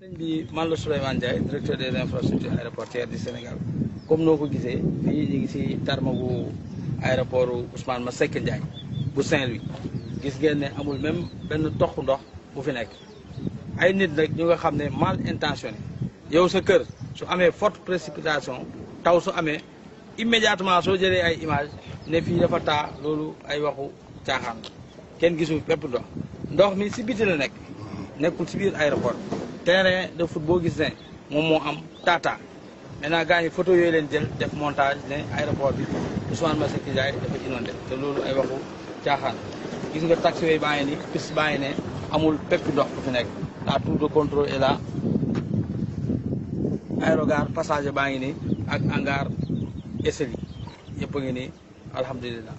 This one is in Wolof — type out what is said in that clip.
sëñ bi man la Souleymane Ndiaye directeur des infrastructures aéroportuaires du Sénégal comme noo ko gisee fii ñu ngi si tarmagu aéroport ma sekk Ndiaye bu Saint-Louis gis ngeen ne amul même benn tox ndox bu fi nekk ay nit nag ñu nga xam ne mal intentionné yow sa kër su amee forte précipitation taw su amee immédiatement soo jëlee ay image ne fii dafa taa loolu ay waxu caaxaan kenn gisu pépp ndox ndox mi si biti la nekk nekkul ci biir aéroport terrain de foot boo gis ne moom moo am tata maintenant gars yi foto yooyu leen def montage ne aéroport bi Ousmane Masseck Ndiaye dafa inondé te loolu ay waxu caaxaan gis nga taxiway baa ngi ni piste baa ngi ne amul pepp ndox bu fi nekk la tour de contrôle est là aérogare baa ngi ni ak hangar Essely yëpp ngi ni alhamdulilah